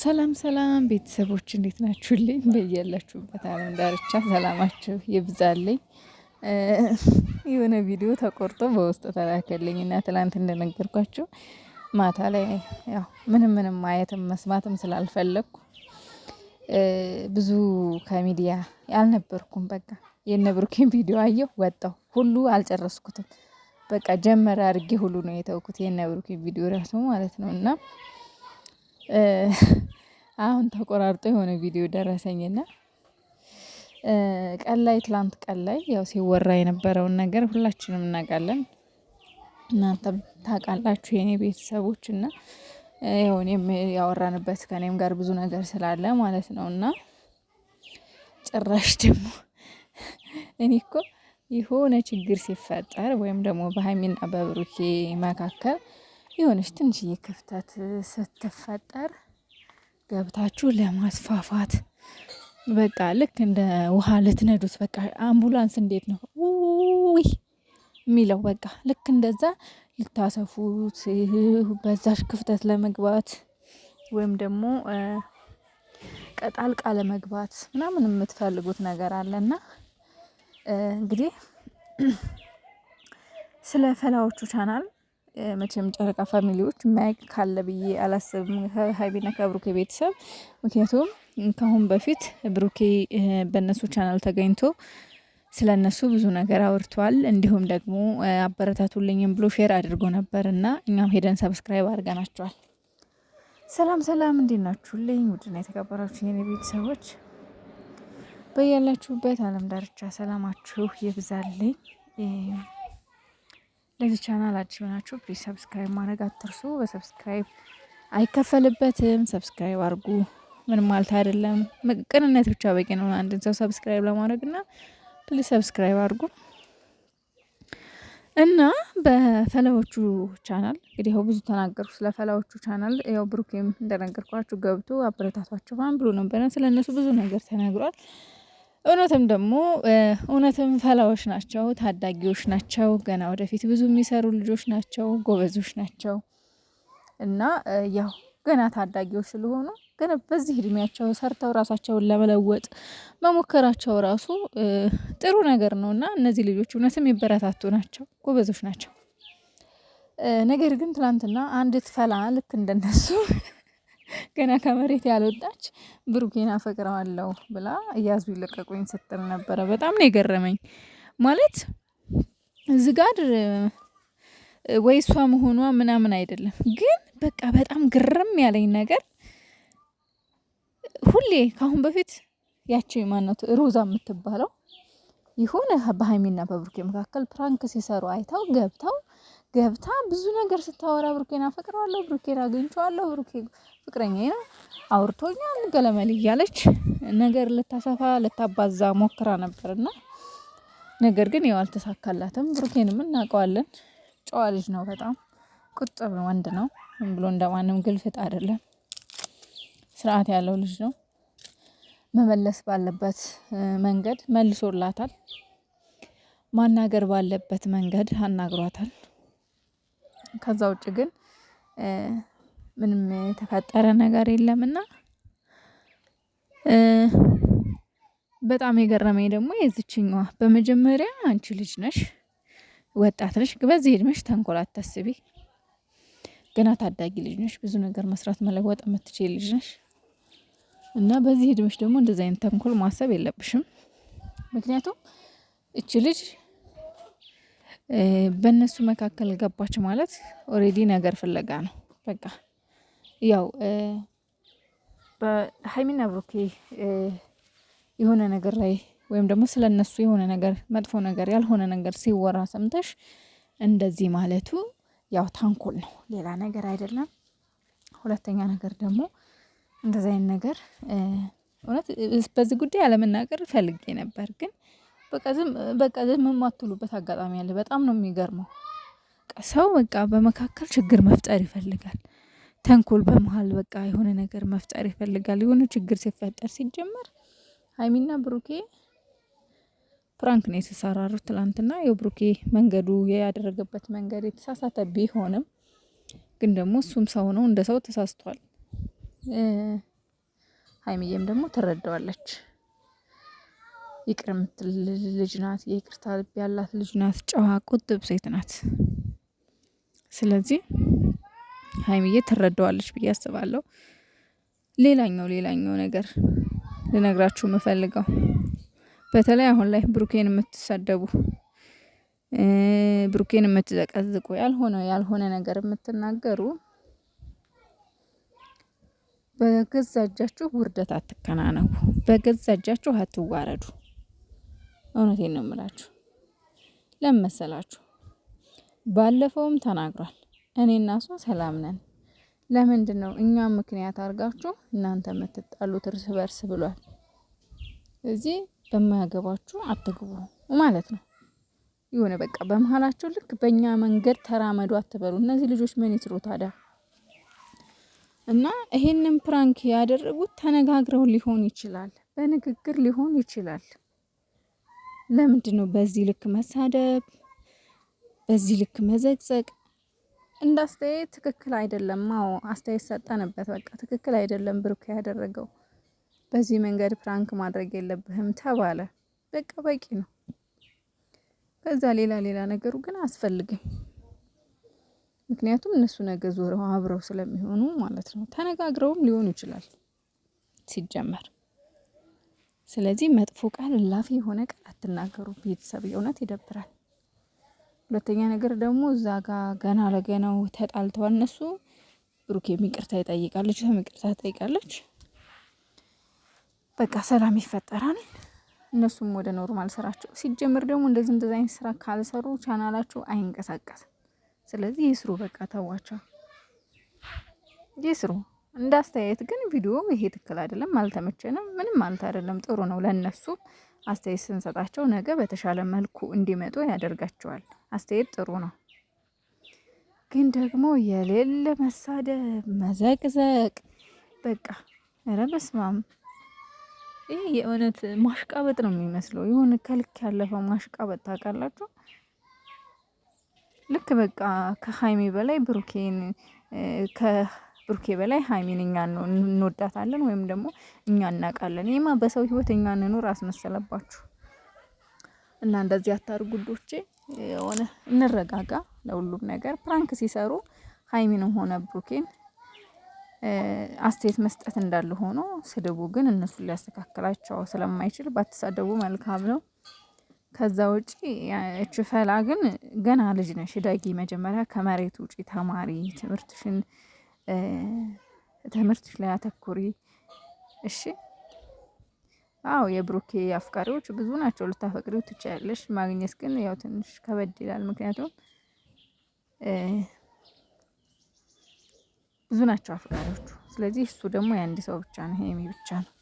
ሰላም ሰላም ቤተሰቦች እንዴት ናችሁልኝ? በያላችሁበት ዓለም ዳርቻ ሰላማችሁ ይብዛልኝ። የሆነ ቪዲዮ ተቆርጦ በውስጥ ተላከልኝ እና ትላንት እንደነገርኳችሁ ማታ ላይ ያው ምንም ምንም ማየትም መስማትም ስላልፈለግኩ ብዙ ከሚዲያ አልነበርኩም። በቃ የነብሩኬን ቪዲዮ አየሁ፣ ወጣሁ። ሁሉ አልጨረስኩትም። በቃ ጀመረ አድርጌ ሁሉ ነው የተውኩት። የነብሩኬን ቪዲዮ ራሱ ማለት ነው እና አሁን ተቆራርጦ የሆነ ቪዲዮ ደረሰኝና ቀን ላይ ትላንት ቀን ላይ ያው ሲወራ የነበረውን ነገር ሁላችንም እናውቃለን። እናንተም ታውቃላችሁ የኔ ቤተሰቦች እና ያው እኔም ያወራንበት ከኔም ጋር ብዙ ነገር ስላለ ማለት ነው። እና ጭራሽ ደግሞ እኔ እኮ የሆነ ችግር ሲፈጠር ወይም ደግሞ በሀይሚና በብሩኬ መካከል የሆነች ትንሽዬ ክፍተት ስትፈጠር ገብታችሁ ለማስፋፋት በቃ ልክ እንደ ውሃ ልትነዱት በቃ አምቡላንስ እንዴት ነው ውይ የሚለው በቃ ልክ እንደዛ ልታሰፉት በዛሽ ክፍተት ለመግባት ወይም ደግሞ ቀጣልቃ ለመግባት ምናምን የምትፈልጉት ነገር አለና እንግዲህ ስለ ፈላዎቹ ቻናል መቼም ጨረቃ ፋሚሊዎች ማይክ ካለ ብዬ አላስብም ከሀይሚና ከብሩኬ ቤተሰብ። ምክንያቱም ከአሁን በፊት ብሩኬ በእነሱ ቻናል ተገኝቶ ስለ እነሱ ብዙ ነገር አውርቷል። እንዲሁም ደግሞ አበረታቱልኝም ብሎ ሼር አድርጎ ነበር እና እኛም ሄደን ሰብስክራይብ አድርገናቸዋል። ሰላም ሰላም፣ እንዴት ናችሁልኝ? ውድና የተከበራችሁ የኔ ቤተሰቦች በያላችሁበት ዓለም ዳርቻ ሰላማችሁ ይብዛልኝ። ለዚህ ቻናል አዲስ የሆናችሁ ፕሊዝ ሰብስክራይብ ማድረግ አትርሱ። በሰብስክራይብ አይከፈልበትም። ሰብስክራይብ አድርጉ። ምንም ማለት አይደለም። ቅንነት ብቻ በቂ ነው አንድን ሰው ሰብስክራይብ ለማድረግ እና ፕሊዝ ሰብስክራይብ አድርጉ እና በፈላዎቹ ቻናል እንግዲህ ያው ብዙ ተናገርኩ ስለ ፈላዎቹ ቻናል። ያው ብሩኬም እንደነገርኳችሁ ገብቶ አበረታቷቸው ማን ብሎ ነበረ። ስለ እነሱ ብዙ ነገር ተነግሯል። እውነትም ደግሞ እውነትም ፈላዎች ናቸው፣ ታዳጊዎች ናቸው፣ ገና ወደፊት ብዙ የሚሰሩ ልጆች ናቸው፣ ጎበዞች ናቸው እና ያው ገና ታዳጊዎች ስለሆኑ ግን በዚህ እድሜያቸው ሰርተው ራሳቸውን ለመለወጥ መሞከራቸው ራሱ ጥሩ ነገር ነው እና እነዚህ ልጆች እውነትም ይበረታቱ ናቸው፣ ጎበዞች ናቸው። ነገር ግን ትናንትና አንዲት ፈላ ልክ እንደነሱ ገና ከመሬት ያልወጣች ብሩኬን አፈቅረዋለሁ ብላ እያዝቢ ይለቀቁኝ ስትል ነበረ። በጣም ነው የገረመኝ። ማለት ዝጋድ ወይ እሷ መሆኗ ምናምን አይደለም፣ ግን በቃ በጣም ግርም ያለኝ ነገር ሁሌ ከአሁን በፊት ያቸው የማነቱ ሮዛ የምትባለው የሆነ በሀይሚና በብሩኬ መካከል ፕራንክ ሲሰሩ አይተው ገብተው ገብታ ብዙ ነገር ስታወራ ብሩኬን አፈቅረዋለሁ፣ ብሩኬን አግኝቼዋለሁ፣ ብሩኬ ፍቅረኛ ነው አውርቶኛል፣ ገለመል እያለች ነገር ልታሰፋ ልታባዛ ሞክራ ነበርና ነገር ግን ያው አልተሳካላትም። ብሩኬንም እናውቀዋለን፣ ጨዋ ልጅ ነው፣ በጣም ቁጥብ ወንድ ነው። ብሎ እንደማንም ግልፍጥ አይደለም፣ ስርዓት ያለው ልጅ ነው። መመለስ ባለበት መንገድ መልሶላታል። ማናገር ባለበት መንገድ አናግሯታል። ከዛ ውጭ ግን ምንም የተፈጠረ ነገር የለምና። በጣም የገረመኝ ደግሞ የዚችኛዋ በመጀመሪያ አንቺ ልጅ ነሽ ወጣት ነሽ በዚህ እድሜሽ ተንኮል አታስቢ። ገና ታዳጊ ልጅ ነሽ ብዙ ነገር መስራት መለወጥ የምትችል ልጅ ነሽ። እና በዚህ እድሜሽ ደግሞ እንደዚህ አይነት ተንኮል ማሰብ የለብሽም። ምክንያቱም እቺ ልጅ በእነሱ መካከል ገባች ማለት ኦሬዲ ነገር ፍለጋ ነው። በቃ ያው በሀይሚና ብሩኬ የሆነ ነገር ላይ ወይም ደግሞ ስለ እነሱ የሆነ ነገር መጥፎ ነገር ያልሆነ ነገር ሲወራ ሰምተሽ እንደዚህ ማለቱ ያው ታንኮል ነው፣ ሌላ ነገር አይደለም። ሁለተኛ ነገር ደግሞ እንደዚህ አይነት ነገር እውነት በዚህ ጉዳይ አለመናገር ፈልጌ ነበር ግን በቃ ዝም በቃ ዝም የማትሉበት አጋጣሚ አለ። በጣም ነው የሚገርመው። ሰው በቃ በመካከል ችግር መፍጠር ይፈልጋል። ተንኮል በመሀል በቃ የሆነ ነገር መፍጠር ይፈልጋል። የሆነ ችግር ሲፈጠር ሲጀመር ሀይሚና ብሩኬ ፕራንክ ነው የተሰራሩት ትላንትና። የብሩኬ መንገዱ ያደረገበት መንገድ የተሳሳተ ቢሆንም ግን ደግሞ እሱም ሰው ነው፣ እንደ ሰው ተሳስቷል። ሀይሚዬም ደግሞ ትረዳዋለች። ይቅር የምትል ልጅ ናት። የይቅርታ ልብ ያላት ልጅ ናት። ጨዋ፣ ቁጥብ ሴት ናት። ስለዚህ ሀይሚዬ ትረዳዋለች ብዬ አስባለሁ። ሌላኛው ሌላኛው ነገር ልነግራችሁ የምፈልገው በተለይ አሁን ላይ ብሩኬን የምትሳደቡ ብሩኬን የምትዘቀዝቁ ያልሆነ ያልሆነ ነገር የምትናገሩ በገዛ እጃችሁ ውርደት አትከናነቡ። በገዛ እጃችሁ አትዋረዱ። እውነቴን ነው የምላችሁ። ለምን መሰላችሁ? ባለፈውም ተናግሯል። እኔ እና እሷ ሰላም ነን፣ ለምንድን ነው እኛ ምክንያት አድርጋችሁ እናንተ የምትጣሉት እርስ በርስ ብሏል። እዚህ በማያገባችሁ አትግቡ ማለት ነው። የሆነ በቃ በመሀላቸው ልክ በእኛ መንገድ ተራመዱ አትበሉ። እነዚህ ልጆች ምን ይስሩ ታዲያ? እና ይሄንን ፕራንክ ያደረጉት ተነጋግረው ሊሆን ይችላል፣ በንግግር ሊሆን ይችላል። ለምንድን ነው በዚህ ልክ መሳደብ፣ በዚህ ልክ መዘግዘቅ? እንደ አስተያየት ትክክል አይደለም። አዎ አስተያየት ሰጠንበት። በቃ ትክክል አይደለም ብሩክ ያደረገው። በዚህ መንገድ ፕራንክ ማድረግ የለብህም ተባለ። በቃ በቂ ነው። ከዛ ሌላ ሌላ ነገሩ ግን አስፈልግም። ምክንያቱም እነሱ ነገ ዞረው አብረው ስለሚሆኑ ማለት ነው። ተነጋግረውም ሊሆኑ ይችላል ሲጀመር ስለዚህ መጥፎ ቃል እላፊ የሆነ ቃል አትናገሩ። ቤተሰብ የእውነት ይደብራል። ሁለተኛ ነገር ደግሞ እዛ ጋ ገና ለገናው ተጣልተዋል እነሱ ብሩኬም የሚቅርታ ይጠይቃለች፣ ይቅርታ ትጠይቃለች። በቃ ሰላም ይፈጠራል። እነሱም ወደ ኖርማል ስራቸው ሲጀምር ደግሞ እንደዚህ እንደዚህ አይነት ስራ ካልሰሩ ቻናላቸው አይንቀሳቀስም። ስለዚህ ይስሩ፣ በቃ ተዋቸው፣ ይስሩ። እንደ አስተያየት ግን ቪዲዮ ይሄ ትክክል አይደለም፣ አልተመቸንም፣ ምንም ማለት አይደለም። ጥሩ ነው። ለነሱ አስተያየት ስንሰጣቸው ነገ በተሻለ መልኩ እንዲመጡ ያደርጋቸዋል። አስተያየት ጥሩ ነው። ግን ደግሞ የሌለ መሳደብ፣ መዘቅዘቅ በቃ ኧረ በስመ አብ ይህ የእውነት ማሽቃበጥ ነው የሚመስለው። የሆነ ከልክ ያለፈው ማሽቃበጥ ታውቃላችሁ። ልክ በቃ ከሀይሜ በላይ ብሩኬን ብሩኬ በላይ ሀይሚን እኛ እንወዳታለን ወይም ደግሞ እኛ እናውቃለን። ይህማ በሰው ህይወት እኛ እንኖር አስመሰለባችሁ እና እንደዚህ አታርጉ ዶቼ። የሆነ እንረጋጋ ለሁሉም ነገር። ፕራንክ ሲሰሩ ሀይሚንም ሆነ ብሩኬን አስተያየት መስጠት እንዳለ ሆኖ ስድቡ ግን እነሱ ሊያስተካክላቸው ስለማይችል ባትሳደቡ መልካም ነው። ከዛ ውጪ ፈላ ግን ገና ልጅ ነሽ ዳጊ፣ መጀመሪያ ከመሬት ውጪ ተማሪ ትምህርትሽን ትምህርትሽ ላይ አተኩሪ እሺ። አዎ የብሩኬ አፍቃሪዎች ብዙ ናቸው። ልታፈቅሪው ትችያለሽ። ማግኘት ግን ያው ትንሽ ከበድ ይላል። ምክንያቱም ብዙ ናቸው አፍቃሪዎቹ። ስለዚህ እሱ ደግሞ የአንድ ሰው ብቻ ነው፣ ሄሚ ብቻ ነው።